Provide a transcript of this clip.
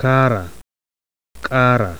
kara ƙara